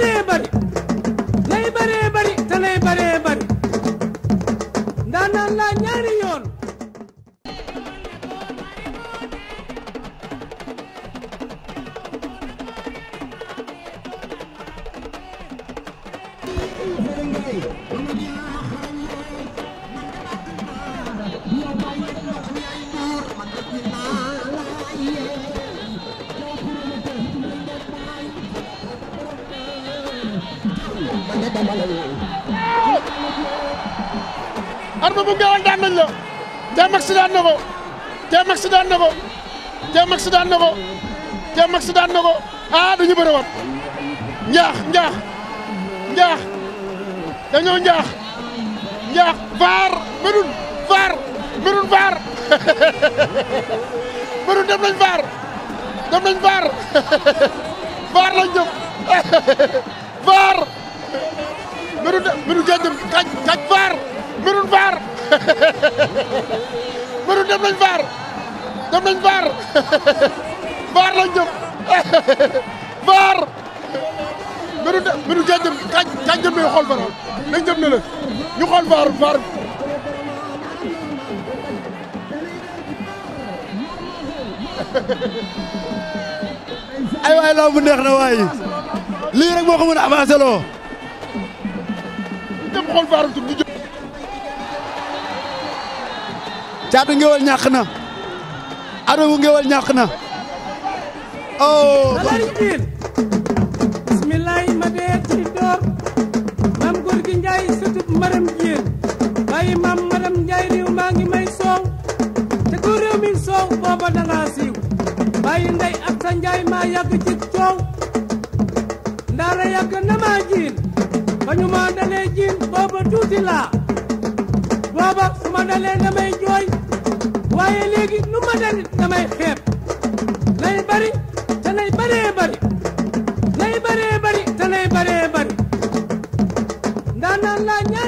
bëree bëri day bëree arme bu ngeewal daan la Jamax daan na ko Jamax daan na ko Jamax daan na ko Jamax daan na ah, wat njaax njaax njaax dañoo njaax njaax vaar mënul vaar mënul vaar mënul dem nañ vaar dem nañ vaar vaar lañ jëm mënu dem nañ vaar dem nañ vaar vaar lañ jëm vaar mënu dem mënu jaa jëm kañ kañ jëm nañu xool vaar nañ ne la ñu xool vaar vaar ay waay laa bu neex na waay lii rek moo ko mën a avancé loo dem xool vaar caatu ngéwél ñàkk na arme bu ngéwél ñàkk na oh alaaji biir bismillahi door maam góor njaay sëtub maram jéen bàyyi maam maram njaay réew maa ngi may soow te ko mi soow booba danga siiw bàyyi ndey ak njaay maa yàgg ci coow ndaara yàgg na maa jiin ba ñu maa dalee booba tuuti booba su ma dalee damay jooy waye legi nu ma dal damay xeb lay bari te nay baree bari nay baree bari te nay baree bari ndaanaan laa ñaar